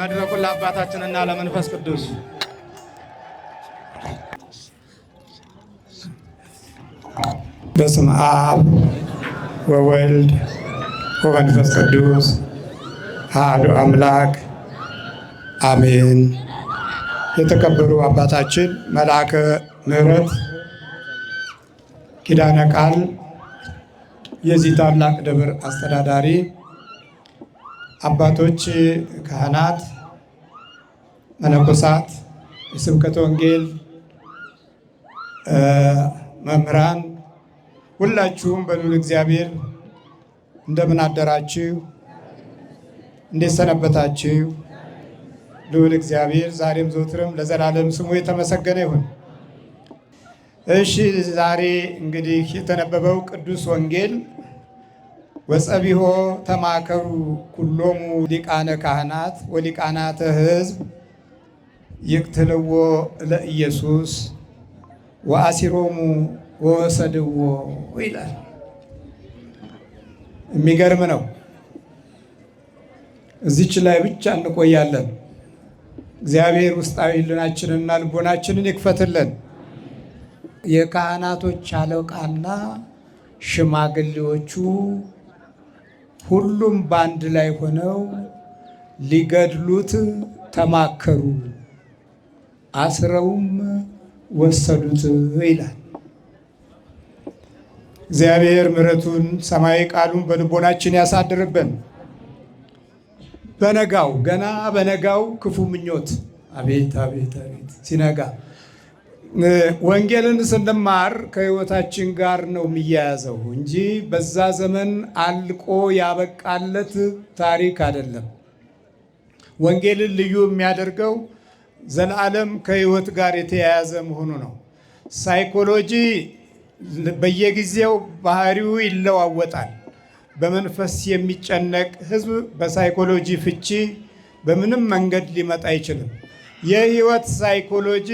መድረኩን ለአባታችንና ለመንፈስ ቅዱስ በስም አብ ወወልድ ወመንፈስ ቅዱስ አሐዱ አምላክ አሜን። የተከበሩ አባታችን መልአከ ምሕረት ኪዳነ ቃል የዚህ ታላቅ ደብር አስተዳዳሪ አባቶች፣ ካህናት፣ መነኮሳት፣ የስብከት ወንጌል መምህራን ሁላችሁም በሉል እግዚአብሔር እንደምን አደራችሁ? እንዴት ሰነበታችሁ? ልዑል እግዚአብሔር ዛሬም ዘውትርም ለዘላለም ስሙ የተመሰገነ ይሁን። እሺ ዛሬ እንግዲህ የተነበበው ቅዱስ ወንጌል ወጸቢሆ ተማከሩ ኩሎሙ ሊቃነ ካህናት ወሊቃናተ ህዝብ ይቅትልዎ ለኢየሱስ ወአሲሮሙ ወወሰድዎ ይላል። የሚገርም ነው። እዚች ላይ ብቻ እንቆያለን። እግዚአብሔር ውስጣዊ ልናችንና ልቦናችንን ይክፈትልን። የካህናቶች አለቃና ሽማግሌዎቹ ሁሉም በአንድ ላይ ሆነው ሊገድሉት ተማከሩ፣ አስረውም ወሰዱት ይላል። እግዚአብሔር ምሕረቱን ሰማያዊ ቃሉን በልቦናችን ያሳድርብን። በነጋው ገና በነጋው ክፉ ምኞት አቤት አቤት አቤት ሲነጋ ወንጌልን ስንማር ከህይወታችን ጋር ነው የሚያያዘው እንጂ በዛ ዘመን አልቆ ያበቃለት ታሪክ አይደለም። ወንጌልን ልዩ የሚያደርገው ዘላለም ከህይወት ጋር የተያያዘ መሆኑ ነው። ሳይኮሎጂ በየጊዜው ባህሪው ይለዋወጣል። በመንፈስ የሚጨነቅ ህዝብ በሳይኮሎጂ ፍቺ በምንም መንገድ ሊመጣ አይችልም። የህይወት ሳይኮሎጂ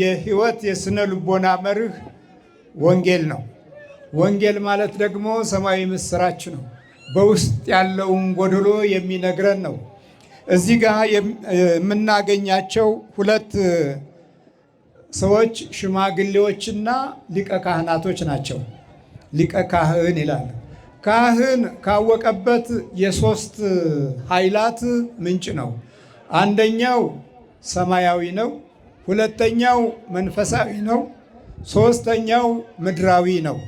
የህይወት የስነ ልቦና መርህ ወንጌል ነው። ወንጌል ማለት ደግሞ ሰማያዊ ምስራች ነው። በውስጥ ያለውን ጎድሎ የሚነግረን ነው። እዚህ ጋር የምናገኛቸው ሁለት ሰዎች ሽማግሌዎችና ሊቀ ካህናቶች ናቸው። ሊቀ ካህን ይላል። ካህን ካወቀበት የሶስት ኃይላት ምንጭ ነው። አንደኛው ሰማያዊ ነው። ሁለተኛው መንፈሳዊ ነው። ሶስተኛው ምድራዊ ነው።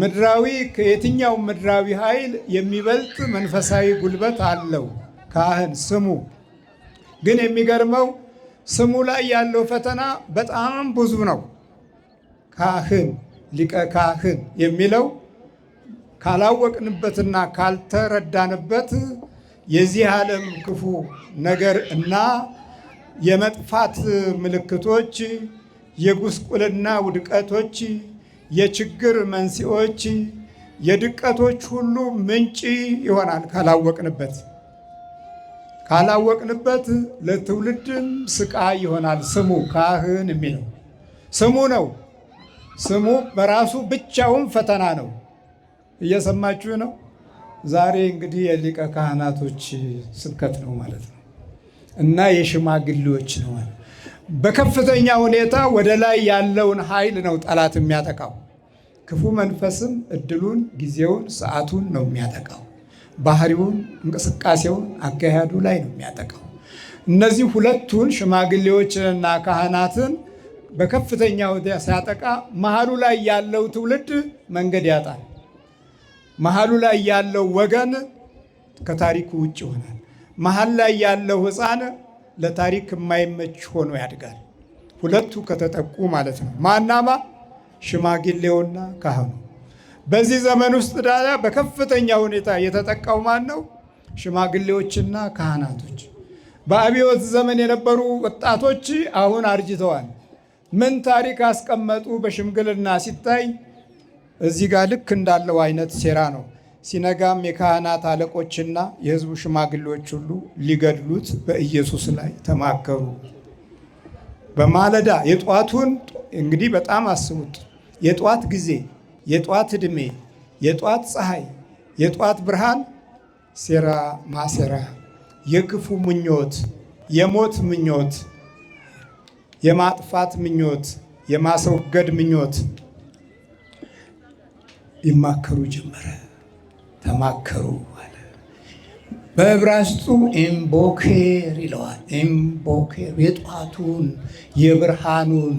ምድራዊ ከየትኛው ምድራዊ ኃይል የሚበልጥ መንፈሳዊ ጉልበት አለው። ካህን ስሙ ግን የሚገርመው ስሙ ላይ ያለው ፈተና በጣም ብዙ ነው። ካህን ሊቀ ካህን የሚለው ካላወቅንበትና ካልተረዳንበት የዚህ ዓለም ክፉ ነገር እና የመጥፋት ምልክቶች፣ የጉስቁልና ውድቀቶች፣ የችግር መንስኤዎች፣ የድቀቶች ሁሉ ምንጭ ይሆናል። ካላወቅንበት ካላወቅንበት ለትውልድም ስቃይ ይሆናል። ስሙ ካህን የሚለው ስሙ ነው። ስሙ በራሱ ብቻውን ፈተና ነው። እየሰማችሁ ነው። ዛሬ እንግዲህ የሊቀ ካህናቶች ስብከት ነው ማለት ነው። እና የሽማግሌዎች ነው። በከፍተኛ ሁኔታ ወደ ላይ ያለውን ኃይል ነው ጠላት የሚያጠቃው። ክፉ መንፈስም እድሉን፣ ጊዜውን፣ ሰዓቱን ነው የሚያጠቃው። ባህሪውን፣ እንቅስቃሴውን፣ አካሄዱ ላይ ነው የሚያጠቃው። እነዚህ ሁለቱን ሽማግሌዎችንና ካህናትን በከፍተኛ ሁኔታ ሲያጠቃ መሀሉ ላይ ያለው ትውልድ መንገድ ያጣል። መሀሉ ላይ ያለው ወገን ከታሪኩ ውጭ ይሆናል። መሀል ላይ ያለው ህፃን ለታሪክ የማይመች ሆኖ ያድጋል። ሁለቱ ከተጠቁ ማለት ነው። ማናማ ሽማግሌውና ካህኑ። በዚህ ዘመን ውስጥ ታዲያ በከፍተኛ ሁኔታ የተጠቃው ማን ነው? ሽማግሌዎችና ካህናቶች። በአብዮት ዘመን የነበሩ ወጣቶች አሁን አርጅተዋል። ምን ታሪክ አስቀመጡ? በሽምግልና ሲታይ እዚህ ጋር ልክ እንዳለው አይነት ሴራ ነው። ሲነጋም የካህናት አለቆችና የሕዝቡ ሽማግሌዎች ሁሉ ሊገድሉት በኢየሱስ ላይ ተማከሩ። በማለዳ የጠዋቱን እንግዲህ በጣም አስቡት። የጠዋት ጊዜ፣ የጠዋት ዕድሜ፣ የጠዋት ፀሐይ፣ የጠዋት ብርሃን ሴራ ማሴራ፣ የክፉ ምኞት፣ የሞት ምኞት፣ የማጥፋት ምኞት፣ የማስወገድ ምኞት ይማከሩ ጀመረ። ተማከሩ አለ። በዕብራይስጡ ኢምቦኬር ይለዋል። ኢምቦኬር የጧቱን የብርሃኑን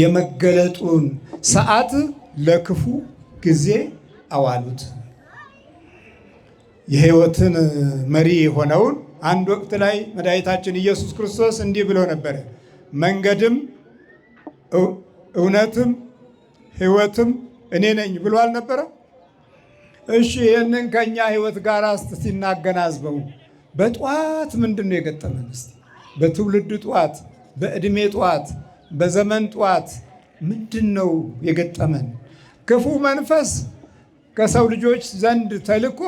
የመገለጡን ሰዓት ለክፉ ጊዜ አዋሉት። የህይወትን መሪ የሆነውን አንድ ወቅት ላይ መድኃኒታችን ኢየሱስ ክርስቶስ እንዲህ ብሎ ነበረ፣ መንገድም እውነትም ህይወትም እኔ ነኝ ብሎ አልነበረ? እሺ ይህንን ከኛ ህይወት ጋር እስቲ ሲናገናዝበው በጠዋት ምንድን ነው የገጠመን? በትውልድ ጠዋት፣ በእድሜ ጠዋት፣ በዘመን ጠዋት ምንድን ነው የገጠመን? ክፉ መንፈስ ከሰው ልጆች ዘንድ ተልኮ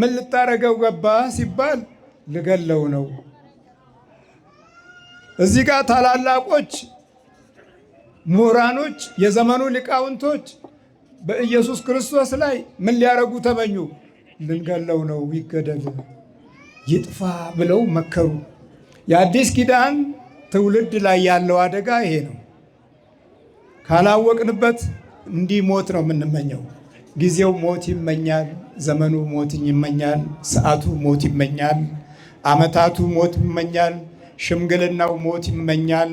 ምን ልታረገው ገባ ሲባል ልገለው ነው። እዚህ ጋር ታላላቆች ምሁራኖች፣ የዘመኑ ሊቃውንቶች በኢየሱስ ክርስቶስ ላይ ምን ሊያረጉ ተመኙ? ልንገለው ነው፣ ይገደል፣ ይጥፋ ብለው መከሩ። የአዲስ ኪዳን ትውልድ ላይ ያለው አደጋ ይሄ ነው። ካላወቅንበት እንዲህ ሞት ነው የምንመኘው። ጊዜው ሞት ይመኛል፣ ዘመኑ ሞት ይመኛል፣ ሰዓቱ ሞት ይመኛል፣ ዓመታቱ ሞት ይመኛል፣ ሽምግልናው ሞት ይመኛል፣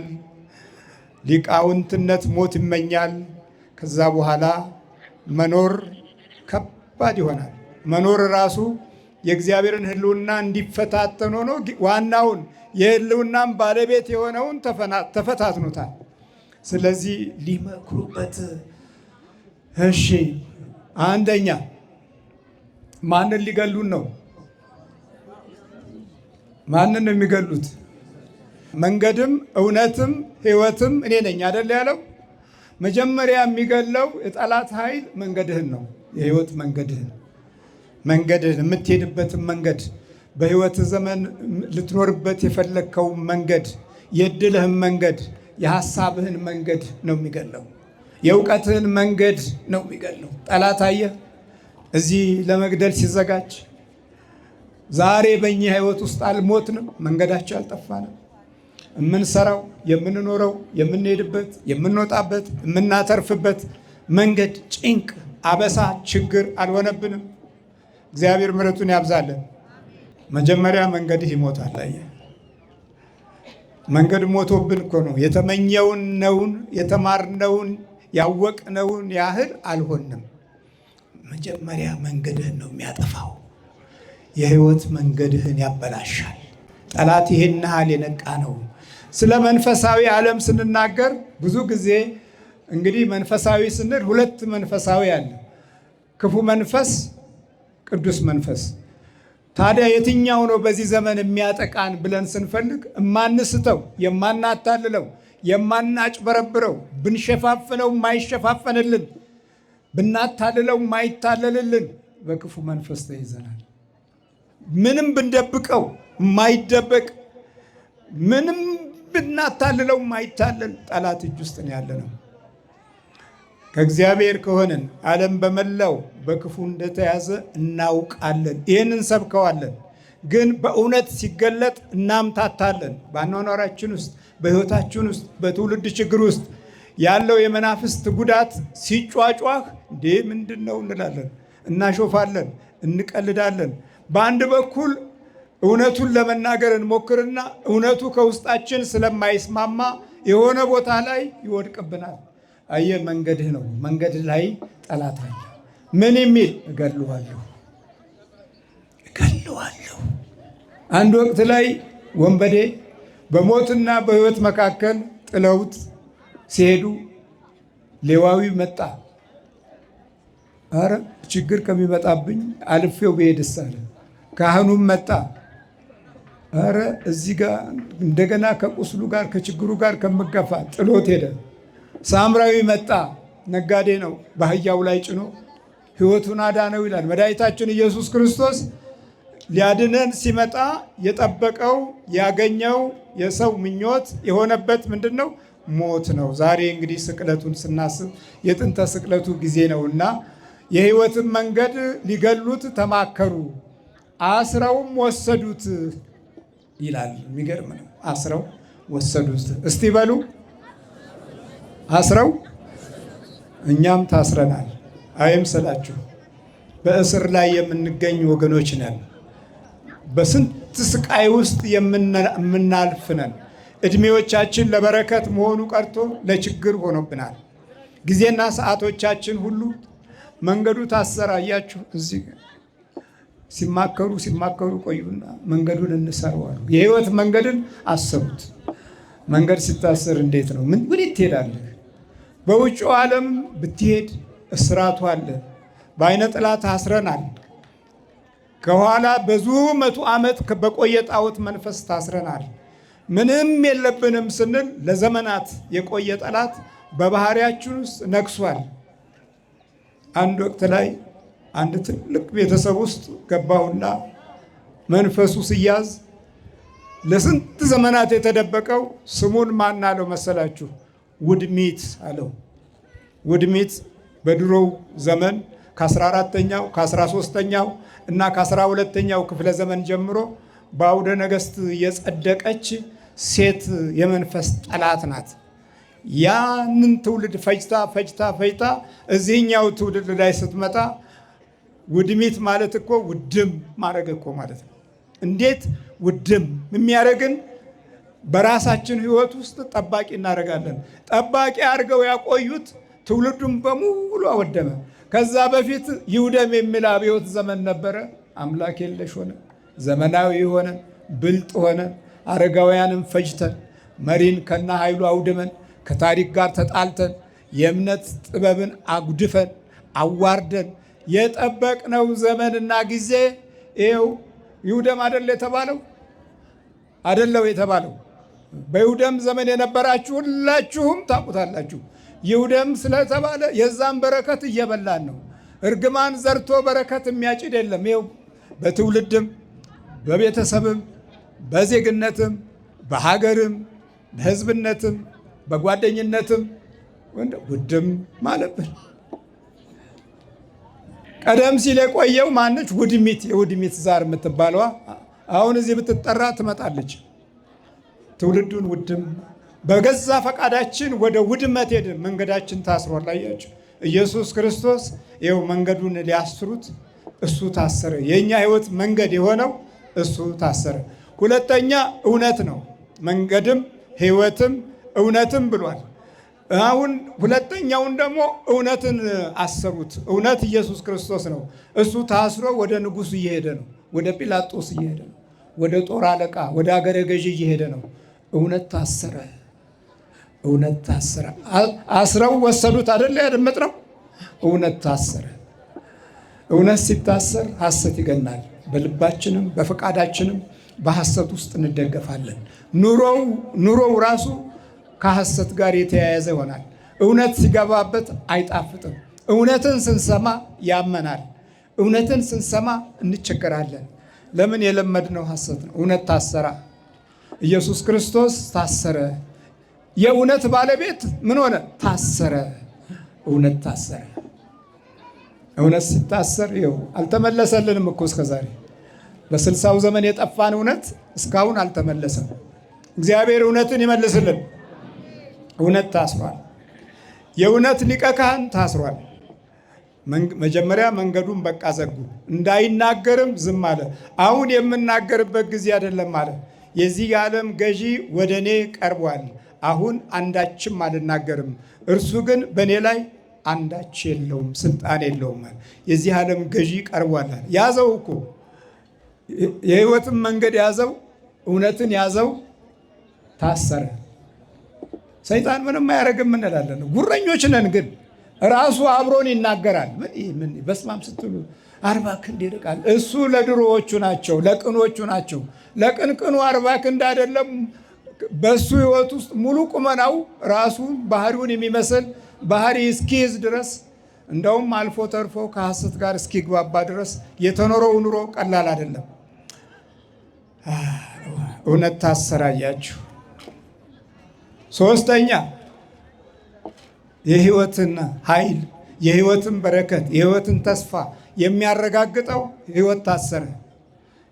ሊቃውንትነት ሞት ይመኛል። ከዛ በኋላ መኖር ከባድ ይሆናል። መኖር ራሱ የእግዚአብሔርን ህልውና እንዲፈታተኖ ነው። ዋናውን የህልውናን ባለቤት የሆነውን ተፈታትኖታል። ስለዚህ ሊመክሩበት እሺ፣ አንደኛ ማንን ሊገሉን ነው? ማንን ነው የሚገሉት? መንገድም እውነትም ህይወትም እኔ ነኝ አደለ ያለው መጀመሪያ የሚገለው የጠላት ኃይል መንገድህን ነው። የህይወት መንገድህን መንገድህን የምትሄድበትን መንገድ በህይወት ዘመን ልትኖርበት የፈለግከው መንገድ የእድልህን መንገድ የሐሳብህን መንገድ ነው የሚገለው። የእውቀትህን መንገድ ነው የሚገለው። ጠላት አየህ፣ እዚህ ለመግደል ሲዘጋጅ ዛሬ በእኚህ ህይወት ውስጥ አልሞትንም፣ መንገዳቸው አልጠፋንም። የምንሰራው፣ የምንኖረው፣ የምንሄድበት፣ የምንወጣበት፣ የምናተርፍበት መንገድ ጭንቅ፣ አበሳ፣ ችግር አልሆነብንም። እግዚአብሔር ምሕረቱን ያብዛለን። መጀመሪያ መንገድህ ይሞታል። አየህ፣ መንገድ ሞቶብን እኮ ነው። የተመኘውን ነውን የተማርነውን ያወቅነውን ያህል አልሆንም። መጀመሪያ መንገድህን ነው የሚያጠፋው። የህይወት መንገድህን ያበላሻል። ጠላት ይሄን ያህል የነቃ ነው። ስለ መንፈሳዊ ዓለም ስንናገር ብዙ ጊዜ እንግዲህ መንፈሳዊ ስንል ሁለት መንፈሳዊ አለ፣ ክፉ መንፈስ፣ ቅዱስ መንፈስ። ታዲያ የትኛው ነው በዚህ ዘመን የሚያጠቃን ብለን ስንፈልግ የማንስተው፣ የማናታልለው፣ የማናጭበረብረው፣ ብንሸፋፍነው ማይሸፋፈንልን፣ ብናታልለው ማይታለልልን በክፉ መንፈስ ተይዘናል። ምንም ብንደብቀው ማይደበቅ ምንም ብናታልለው ማይታለል ጠላት እጅ ውስጥ ነው ያለ ነው። ከእግዚአብሔር ከሆንን ዓለም በመላው በክፉ እንደተያዘ እናውቃለን። ይህንን ሰብከዋለን። ግን በእውነት ሲገለጥ እናምታታለን። በአኗኗራችን ውስጥ፣ በሕይወታችን ውስጥ፣ በትውልድ ችግር ውስጥ ያለው የመናፍስት ጉዳት ሲጫጫህ እንዴ ምንድን ነው እንላለን፣ እናሾፋለን፣ እንቀልዳለን። በአንድ በኩል እውነቱን ለመናገር እንሞክርና እውነቱ ከውስጣችን ስለማይስማማ የሆነ ቦታ ላይ ይወድቅብናል። አየ መንገድህ ነው። መንገድ ላይ ጠላት አለ። ምን የሚል እገድለዋለሁ፣ እገድለዋለሁ። አንድ ወቅት ላይ ወንበዴ በሞትና በሕይወት መካከል ጥለውት ሲሄዱ ሌዋዊ መጣ። አረ ችግር ከሚመጣብኝ አልፌው ብሄድስ አለ። ካህኑም መጣ ኧረ እዚህ ጋር እንደገና ከቁስሉ ጋር ከችግሩ ጋር ከምገፋ ጥሎት ሄደ። ሳምራዊ መጣ፣ ነጋዴ ነው። በአህያው ላይ ጭኖ ህይወቱን አዳነው ይላል። መድኃኒታችን ኢየሱስ ክርስቶስ ሊያድነን ሲመጣ የጠበቀው ያገኘው የሰው ምኞት የሆነበት ምንድን ነው? ሞት ነው። ዛሬ እንግዲህ ስቅለቱን ስናስብ የጥንተ ስቅለቱ ጊዜ እና የህይወትን መንገድ ሊገሉት ተማከሩ፣ አስረውም ወሰዱት። ይላል። የሚገርም ነው። አስረው ወሰዱት። እስቲ በሉ አስረው። እኛም ታስረናል አይምሰላችሁ። በእስር ላይ የምንገኝ ወገኖች ነን። በስንት ስቃይ ውስጥ የምናልፍ ነን። እድሜዎቻችን ለበረከት መሆኑ ቀርቶ ለችግር ሆኖብናል። ጊዜና ሰዓቶቻችን ሁሉ መንገዱ ታሰራያችሁ እዚህ ሲማከሩ ሲማከሩ ቆዩና መንገዱን እንሰረዋሉ። የህይወት መንገድን አሰሩት። መንገድ ሲታሰር እንዴት ነው? ምን ምን ትሄዳለህ? በውጭ ዓለም ብትሄድ እስራቱ አለ። በአይነ ጥላት ታስረናል። ከኋላ ብዙ መቶ ዓመት በቆየ ጣዖት መንፈስ ታስረናል። ምንም የለብንም ስንል ለዘመናት የቆየ ጠላት በባህሪያችን ውስጥ ነግሷል። አንድ ወቅት ላይ አንድ ትልቅ ቤተሰብ ውስጥ ገባሁና መንፈሱ ሲያዝ ለስንት ዘመናት የተደበቀው ስሙን ማን አለው መሰላችሁ? ውድሚት አለው። ውድሚት በድሮው ዘመን ከ14ተኛው ከ13ተኛው እና ከ12ተኛው ክፍለ ዘመን ጀምሮ በአውደ ነገስት የጸደቀች ሴት የመንፈስ ጠላት ናት። ያንን ትውልድ ፈጅታ ፈጅታ ፈጅታ እዚህኛው ትውልድ ላይ ስትመጣ ውድሚት ማለት እኮ ውድም ማድረግ እኮ ማለት ነው። እንዴት ውድም የሚያደርግን በራሳችን ህይወት ውስጥ ጠባቂ እናደርጋለን። ጠባቂ አድርገው ያቆዩት ትውልዱን በሙሉ አወደመ። ከዛ በፊት ይውደም የሚል አብዮት ዘመን ነበረ። አምላክ የለሽ ሆነ፣ ዘመናዊ ሆነ፣ ብልጥ ሆነ። አረጋውያንን ፈጅተን መሪን ከና ኃይሉ አውድመን ከታሪክ ጋር ተጣልተን የእምነት ጥበብን አጉድፈን አዋርደን የጠበቅነው ዘመንና ጊዜ ይኸው ይሁደም አደለ የተባለው አደለው የተባለው በይሁደም ዘመን የነበራችሁ ሁላችሁም ታውቁታላችሁ። ይሁደም ስለተባለ የዛን በረከት እየበላን ነው። እርግማን ዘርቶ በረከት የሚያጭድ የለም። ይኸው በትውልድም በቤተሰብም በዜግነትም በሀገርም በህዝብነትም በጓደኝነትም ወንድ ውድም ማለብን ቀደም ሲል የቆየው ማነች? ውድሚት የውድሚት ዛር የምትባለዋ አሁን እዚህ ብትጠራ ትመጣለች። ትውልዱን ውድም በገዛ ፈቃዳችን ወደ ውድመት ሄድን። መንገዳችን ታስሯል። አያችሁ፣ ኢየሱስ ክርስቶስ ይኸው መንገዱን ሊያስሩት እሱ ታሰረ። የእኛ ህይወት መንገድ የሆነው እሱ ታሰረ። ሁለተኛ እውነት ነው። መንገድም ህይወትም እውነትም ብሏል። አሁን ሁለተኛውን ደግሞ እውነትን አሰሩት። እውነት ኢየሱስ ክርስቶስ ነው። እሱ ታስሮ ወደ ንጉሥ እየሄደ ነው። ወደ ጲላጦስ እየሄደ ነው። ወደ ጦር አለቃ፣ ወደ አገረ ገዢ እየሄደ ነው። እውነት ታሰረ፣ እውነት ታሰረ። አስረው ወሰዱት አደለ? ያደመጥ ነው። እውነት ታሰረ። እውነት ሲታሰር ሐሰት ይገናል። በልባችንም በፈቃዳችንም በሐሰት ውስጥ እንደገፋለን። ኑሮው ኑሮው ራሱ ከሐሰት ጋር የተያያዘ ይሆናል። እውነት ሲገባበት አይጣፍጥም። እውነትን ስንሰማ ያመናል። እውነትን ስንሰማ እንቸገራለን። ለምን? የለመድነው ሐሰት ነው። እውነት ታሰራ። ኢየሱስ ክርስቶስ ታሰረ። የእውነት ባለቤት ምን ሆነ? ታሰረ። እውነት ታሰረ። እውነት ሲታሰር ይኸው አልተመለሰልንም እኮ እስከዛሬ በስልሳው ዘመን የጠፋን እውነት እስካሁን አልተመለሰም። እግዚአብሔር እውነትን ይመልስልን። እውነት ታስሯል። የእውነት ሊቀ ካህን ታስሯል። መጀመሪያ መንገዱን በቃ ዘጉ፣ እንዳይናገርም ዝም አለ። አሁን የምናገርበት ጊዜ አይደለም አለ። የዚህ የዓለም ገዢ ወደ እኔ ቀርቧል፣ አሁን አንዳችም አልናገርም። እርሱ ግን በእኔ ላይ አንዳች የለውም፣ ስልጣን የለውም። የዚህ ዓለም ገዢ ቀርቧል። ያዘው እኮ የህይወትን መንገድ ያዘው፣ እውነትን ያዘው፣ ታሰረ። ሰይጣን ምንም አያደርግም እንላለን። ጉረኞች ነን ግን ራሱ አብሮን ይናገራል። ምን በስማም ስትሉ አርባ ክንድ ይርቃል። እሱ ለድሮዎቹ ናቸው፣ ለቅኖቹ ናቸው። ለቅንቅኑ አርባ ክንድ አይደለም። በሱ ህይወት ውስጥ ሙሉ ቁመናው ራሱ ባህሪውን የሚመስል ባህሪ እስኪይዝ ድረስ እንደውም አልፎ ተርፎ ከሐሰት ጋር እስኪግባባ ድረስ የተኖረው ኑሮ ቀላል አይደለም። እውነት ታሰራያችሁ። ሶስተኛ የህይወትን ኃይል የህይወትን በረከት የህይወትን ተስፋ የሚያረጋግጠው ህይወት ታሰረ።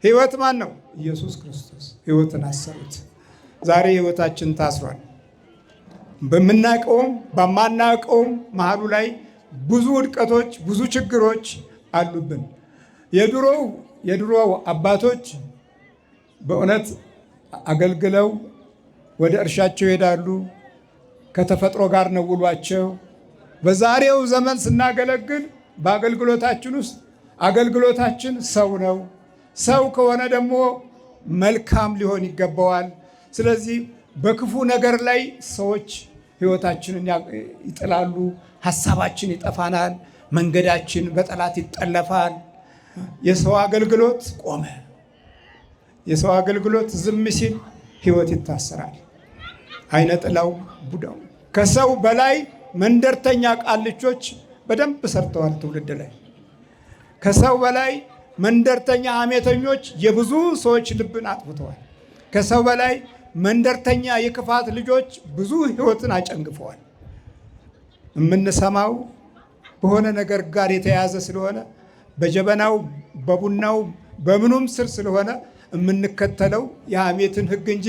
ህይወት ማን ነው? ኢየሱስ ክርስቶስ። ህይወትን አሰሩት። ዛሬ ህይወታችን ታስሯል። በምናውቀውም በማናውቀውም መሀሉ ላይ ብዙ ውድቀቶች፣ ብዙ ችግሮች አሉብን። የድሮው የድሮው አባቶች በእውነት አገልግለው ወደ እርሻቸው ይሄዳሉ። ከተፈጥሮ ጋር ነው ውሏቸው። በዛሬው ዘመን ስናገለግል በአገልግሎታችን ውስጥ አገልግሎታችን ሰው ነው። ሰው ከሆነ ደግሞ መልካም ሊሆን ይገባዋል። ስለዚህ በክፉ ነገር ላይ ሰዎች ሕይወታችንን ይጥላሉ። ሀሳባችን ይጠፋናል። መንገዳችን በጠላት ይጠለፋል። የሰው አገልግሎት ቆመ። የሰው አገልግሎት ዝም ሲል ሕይወት ይታሰራል። አይነ ጥላው ቡዳው ከሰው በላይ መንደርተኛ ቃልቾች በደንብ ሰርተዋል ትውልድ ላይ። ከሰው በላይ መንደርተኛ ሐሜተኞች የብዙ ሰዎች ልብን አጥፍተዋል። ከሰው በላይ መንደርተኛ የክፋት ልጆች ብዙ ሕይወትን አጨንግፈዋል። የምንሰማው በሆነ ነገር ጋር የተያያዘ ስለሆነ በጀበናው በቡናው በምኑም ስር ስለሆነ የምንከተለው የሐሜትን ሕግ እንጂ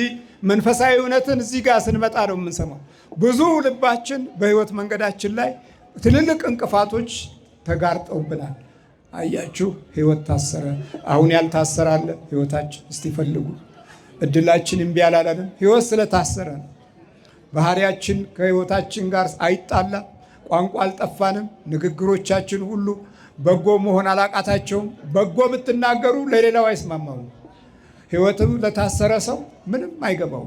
መንፈሳዊ እውነትን እዚህ ጋር ስንመጣ ነው የምንሰማው። ብዙ ልባችን በህይወት መንገዳችን ላይ ትልልቅ እንቅፋቶች ተጋርጠውብናል። አያችሁ፣ ህይወት ታሰረ። አሁን ያልታሰራለ ህይወታችን እስቲ ፈልጉ። እድላችን እምቢ አላለም። ህይወት ስለታሰረ ነው። ባህሪያችን ከህይወታችን ጋር አይጣላ። ቋንቋ አልጠፋንም። ንግግሮቻችን ሁሉ በጎ መሆን አላቃታቸውም። በጎ ብትናገሩ ለሌላው አይስማማውም። ሕይወትም ለታሰረ ሰው ምንም አይገባው።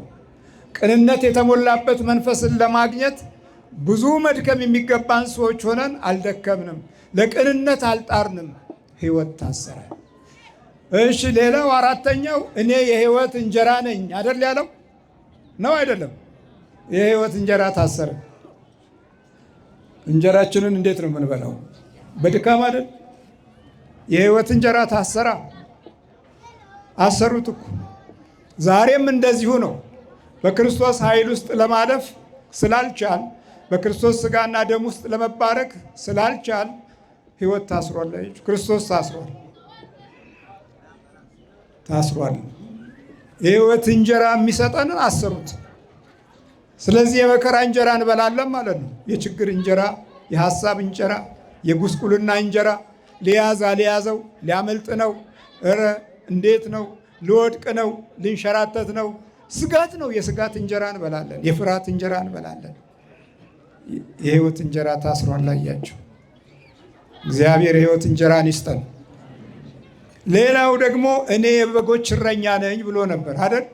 ቅንነት የተሞላበት መንፈስን ለማግኘት ብዙ መድከም የሚገባን ሰዎች ሆነን አልደከምንም፣ ለቅንነት አልጣርንም፣ ህይወት ታሰረ። እሺ፣ ሌላው አራተኛው እኔ የህይወት እንጀራ ነኝ አደል ያለው ነው አይደለም? የህይወት እንጀራ ታሰረ። እንጀራችንን እንዴት ነው የምንበላው? በድካም አይደል? የህይወት እንጀራ ታሰራ። አሰሩት እኮ ዛሬም እንደዚሁ ነው። በክርስቶስ ኃይል ውስጥ ለማለፍ ስላልቻል፣ በክርስቶስ ስጋና ደም ውስጥ ለመባረክ ስላልቻል ህይወት ታስሯል። ክርስቶስ ታስሯል ታስሯል። የህይወት እንጀራ የሚሰጠንን አሰሩት። ስለዚህ የመከራ እንጀራ እንበላለን ማለት ነው። የችግር እንጀራ፣ የሀሳብ እንጀራ፣ የጉስቁልና እንጀራ ሊያዝ አልያዘው ሊያመልጥ ነው እረ እንዴት ነው? ልወድቅ ነው? ልንሸራተት ነው? ስጋት ነው። የስጋት እንጀራ እንበላለን። የፍርሃት እንጀራ እንበላለን። የህይወት እንጀራ ታስሯል። ላያችሁ እግዚአብሔር የህይወት እንጀራን ይስጠን። ሌላው ደግሞ እኔ የበጎች እረኛ ነኝ ብሎ ነበር አይደል?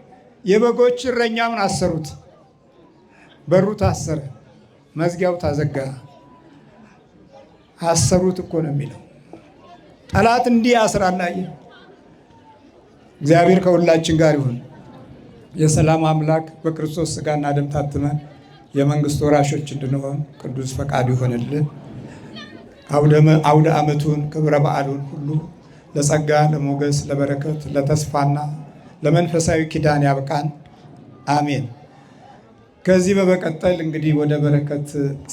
የበጎች እረኛውን አሰሩት። በሩ ታሰረ፣ መዝጊያው ታዘጋ። አሰሩት እኮ ነው የሚለው ጠላት እንዲህ አስራላየ እግዚአብሔር ከሁላችን ጋር ይሁን። የሰላም አምላክ በክርስቶስ ስጋና ደም ታትመን የመንግስት ወራሾች እንድንሆን ቅዱስ ፈቃዱ ይሆንልን። አውደ ዓመቱን ክብረ በዓሉን ሁሉ ለጸጋ፣ ለሞገስ፣ ለበረከት፣ ለተስፋና ለመንፈሳዊ ኪዳን ያብቃን። አሜን። ከዚህ በመቀጠል እንግዲህ ወደ በረከት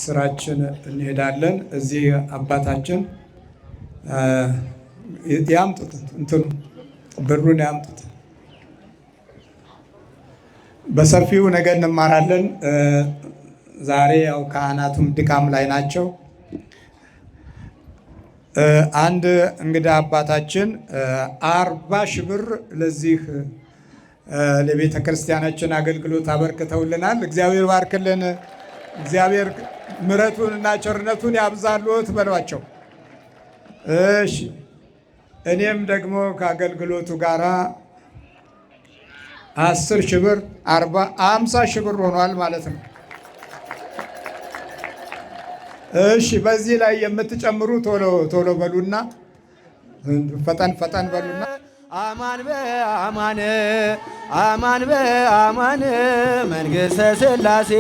ስራችን እንሄዳለን። እዚህ አባታችን ያምጡት እንትኑ ብሩን ያምጡት። በሰፊው ነገር እንማራለን። ዛሬ ያው ካህናቱም ድካም ላይ ናቸው። አንድ እንግዲህ አባታችን አርባ ሺህ ብር ለዚህ ለቤተ ክርስቲያናችን አገልግሎት አበርክተውልናል። እግዚአብሔር ባርክልን። እግዚአብሔር ምረቱን እና ቸርነቱን ያብዛልዎት በሏቸው። እሺ እኔም ደግሞ ከአገልግሎቱ ጋራ አስር ሺህ ብር አምሳ ሺህ ብር ሆኗል ማለት ነው። እሺ በዚህ ላይ የምትጨምሩ ቶሎ ቶሎ በሉና ፈጠን ፈጠን በሉና አማን በአማን አማን በአማን መንግሥተ ሥላሴ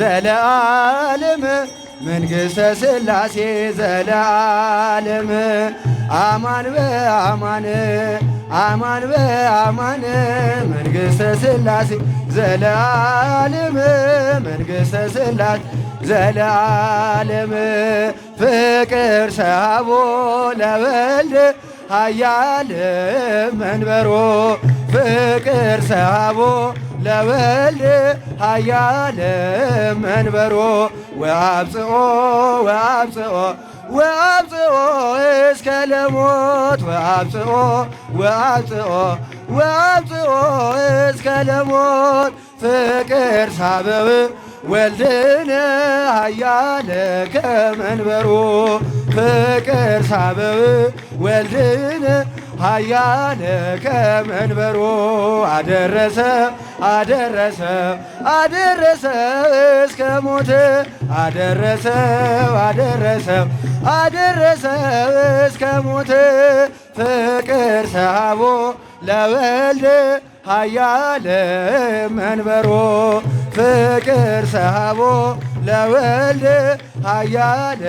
ዘለዓለም መንግሥተ ሥላሴ ዘለዓለም አማን በአማን አማን በአማን መንግሥተ ሥላሴ ዘለዓለም መንግሥተ ሥላሴ ዘለዓለም ፍቅር ሰቦ ለወልድ ኃያል መንበሮ ፍቅር ሰቦ ለወልድ ኃያለ መንበሮ ወአብጽኦ ወአብጽኦ ወአብጽኦ እስከ ለሞት ወአብጽኦ ወአብጽኦ ወአብጽኦ እስከ ለሞት ፍቅር ሳበብ ወልድነ ኃያለ ከመንበሩ ፍቅር ሳበብ ወልድነ ኃያል ከመንበሩ አደረሰ አደረሰ አደረሰ እስከ ሞት አደረሰ አደረሰ አደረሰ እስከ ሞት ፍቅር ሰሃቦ ለወልድ ሀያለ መንበሮ ፍቅር ሰሃቦ ለወልድ ሀያለ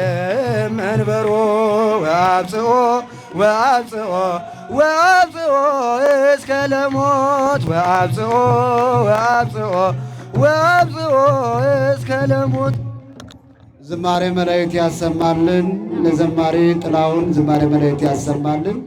መንበሮ ወአብጽኦ ወአብጽኦ ወአብጽኦ እስከ ለሞት ወአብጽኦ ወአብጽኦ ወአብጽኦ እስከ ለሞት። ዝማሬ መላእክት ያሰማልን። ለዘማሪ ጥላሁን ዝማሬ መላእክት ያሰማልን።